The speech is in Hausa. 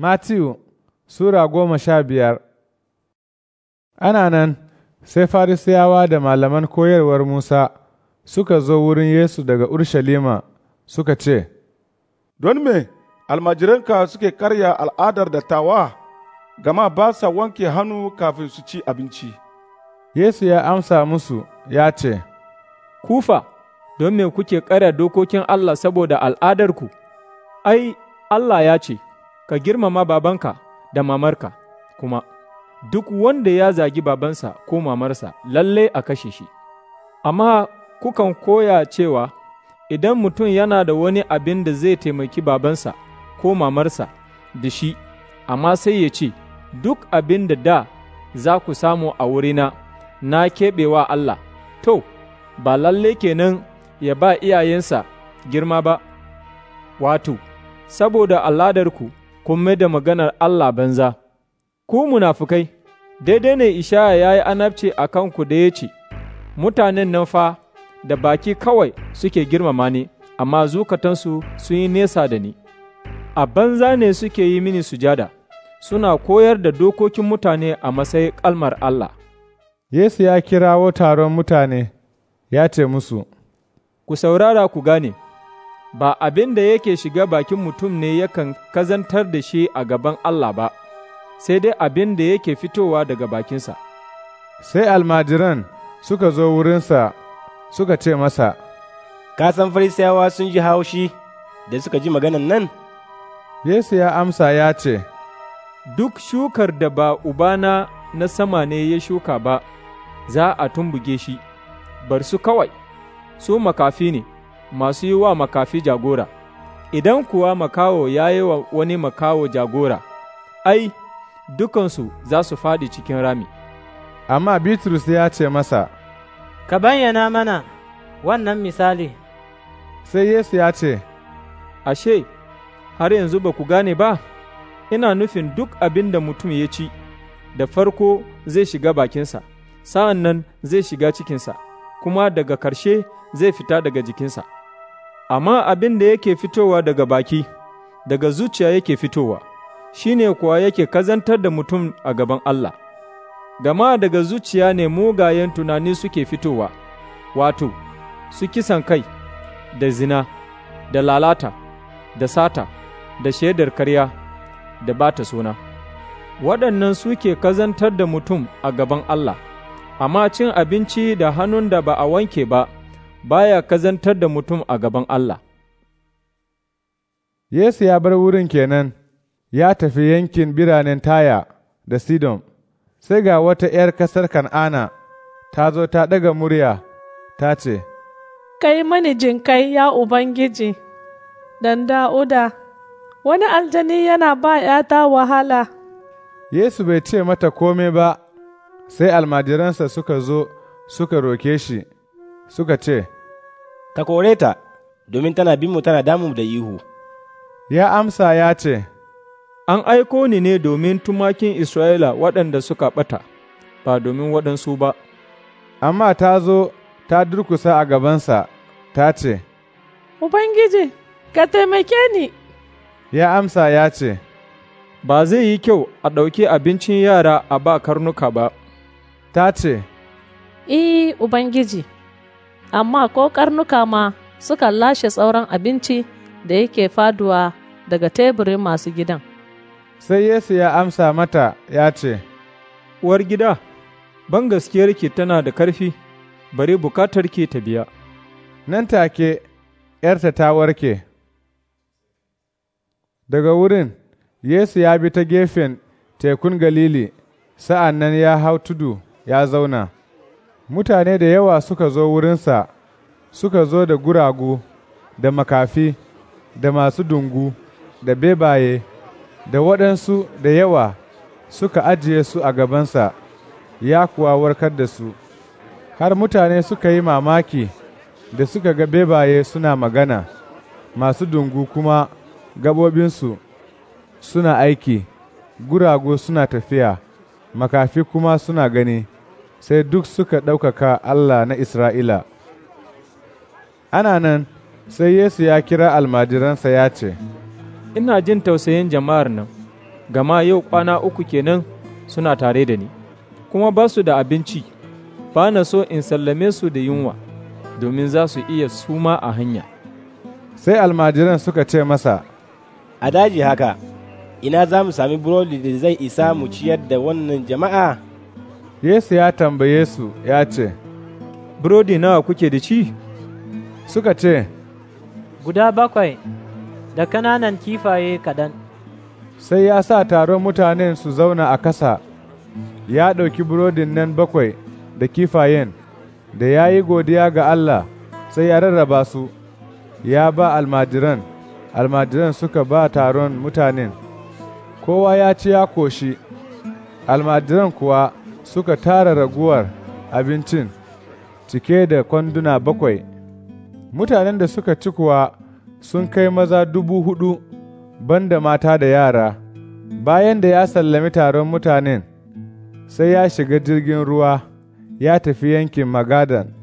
Matthew, Sura goma sha biyar Ana nan, sai Farisiyawa da malaman koyarwar Musa suka zo wurin Yesu daga Urshalima suka ce, Don me almajiranka suke karya al'adar da tawa, gama ba sa wanke hannu kafin su ci abinci. Yesu ya amsa musu ya ce, Kufa, don me kuke karya dokokin Allah saboda al'adarku? Ai, Allah ya ce, ka girmama babanka da mamarka kuma duk wanda ya zagi babansa ko mamarsa lalle a kashe shi amma kukan koya cewa idan mutum yana da wani abin da zai taimaki babansa ko mamarsa da shi amma sai ya ce duk abin da da za ku samu a wurina na keɓewa Allah to ba lalle kenan ya ba iyayensa girma ba wato saboda al'adarku kun mai da maganar Allah banza, ku munafukai, daidai ne ishaya ya yi anabci a kanku da ya ce, Mutanen nan fa da baki kawai suke girmama ni, amma zukatansu sun yi nesa da ni, a banza ne suke yi mini sujada, suna koyar da dokokin mutane a matsayin kalmar Allah. Yesu ya kirawo taron mutane, ya ce musu, Ku saurara ku gane. ba abin da yake shiga bakin mutum ne yakan kazantar da shi a gaban Allah ba, sai dai abin da yake fitowa daga bakinsa. Sai almajiran suka zo wurinsa suka ce masa, Ka san farisiyawa sun ji haushi da suka ji maganan nan? Yesu ya amsa ya ce, Duk shukar da ba Ubana na sama ne ya shuka ba, za a tumbuge shi, bar su kawai, su makafi ne. masu yi wa makafi jagora, idan kuwa makawo ya yi wa wani makawo jagora, ai, dukansu za su faɗi cikin rami. Amma Bitrus ya ce masa, Ka bayyana mana wannan misali. Sai Yesu ya ce, Ashe, har yanzu ba ku gane ba, ina nufin duk abin da mutum ya ci, da farko zai shiga bakinsa, sa'an nan zai shiga cikinsa, kuma daga karshe zai fita daga jikinsa. amma abin da yake fitowa daga baki, daga zuciya yake fitowa, shine ne kuwa yake kazantar da mutum a gaban Allah. Gama daga zuciya ne mugayen tunani suke fitowa, wato, su kisan kai, da zina, da lalata, da sata, da shaidar karya, da bata suna. Waɗannan suke kazantar da mutum a gaban Allah, amma cin abinci da hannun da ba a wanke ba. baya kazantar da mutum a gaban Allah. Yesu ya bar wurin kenan, ya tafi yankin biranen Taya da Sidon, sai ga wata ‘yar ƙasar Kan'ana ta zo ta ɗaga murya, ta ce, Kai mani kai ya Ubangiji, dan da'uda, wani aljani yana ba ‘yata wahala. Yesu bai ce mata kome ba, sai almajiransa suka zo suka roke shi. suka ce, Ka kore ta, domin tana binmu tana damu da ihu. Ya amsa ya ce, An aiko ni ne domin tumakin Isra'ila waɗanda suka ɓata, ba domin waɗansu ba. Amma ta zo ta durkusa a gabansa, ta ce, Ubangiji, ka taimake ni. Ya amsa ya ce, Ba zai yi kyau a ɗauki abincin yara a ba karnuka ba. Ta ce, Eh, Ubangiji. amma ko karnuka ma suka lashe tsauran abinci da yake faduwa daga teburin masu gidan. Sai Yesu ya amsa mata ya ce, Uwar gida, ban gaskiyarki tana da ƙarfi, bari bukatarki ta biya. Nan take, ‘yarta ta warke. Daga wurin, Yesu ya bi ta gefen tekun Galili, sa'an nan ya hau tudu ya zauna. mutane da yawa suka zo wurinsa suka zo da guragu da makafi da masu dungu da bebaye da waɗansu da yawa suka ajiye su a gabansa ya kuwa warkar da su har mutane suka yi mamaki da suka ga bebaye suna magana masu dungu kuma gabobinsu suna aiki guragu suna tafiya makafi kuma suna gani sai duk suka ɗaukaka Allah na Isra'ila. Ana nan, sai Yesu ya kira almajiransa ya ce, Ina jin tausayin jama'ar nan, gama yau kwana uku kenan suna tare da ni, kuma ba su da abinci, ba na so in sallame su da yunwa, domin za su iya suma a hanya. Sai almajiran suka ce masa, A daji haka, ina za mu sami burodi da zai isa mu ciyar da wannan jama'a? Yesu ya tambaye su ya ce, Burodi nawa kuke da ci? Suka ce, Guda bakwai da kananan kifaye kaɗan. Sai ya sa taron mutanen su zauna a kasa, ya ɗauki burodin nan bakwai da kifayen, da ya yi godiya ga Allah sai ya rarraba su, ya ba almajiran, almajiran suka ba taron mutanen, kowa ya ci ya koshi, almajiran kuwa suka tara raguwar abincin cike da kwanduna bakwai, mutanen da suka ci kuwa sun kai maza dubu hudu banda mata da yara, bayan da ya sallami taron mutanen sai ya shiga jirgin ruwa ya tafi yankin Magadan.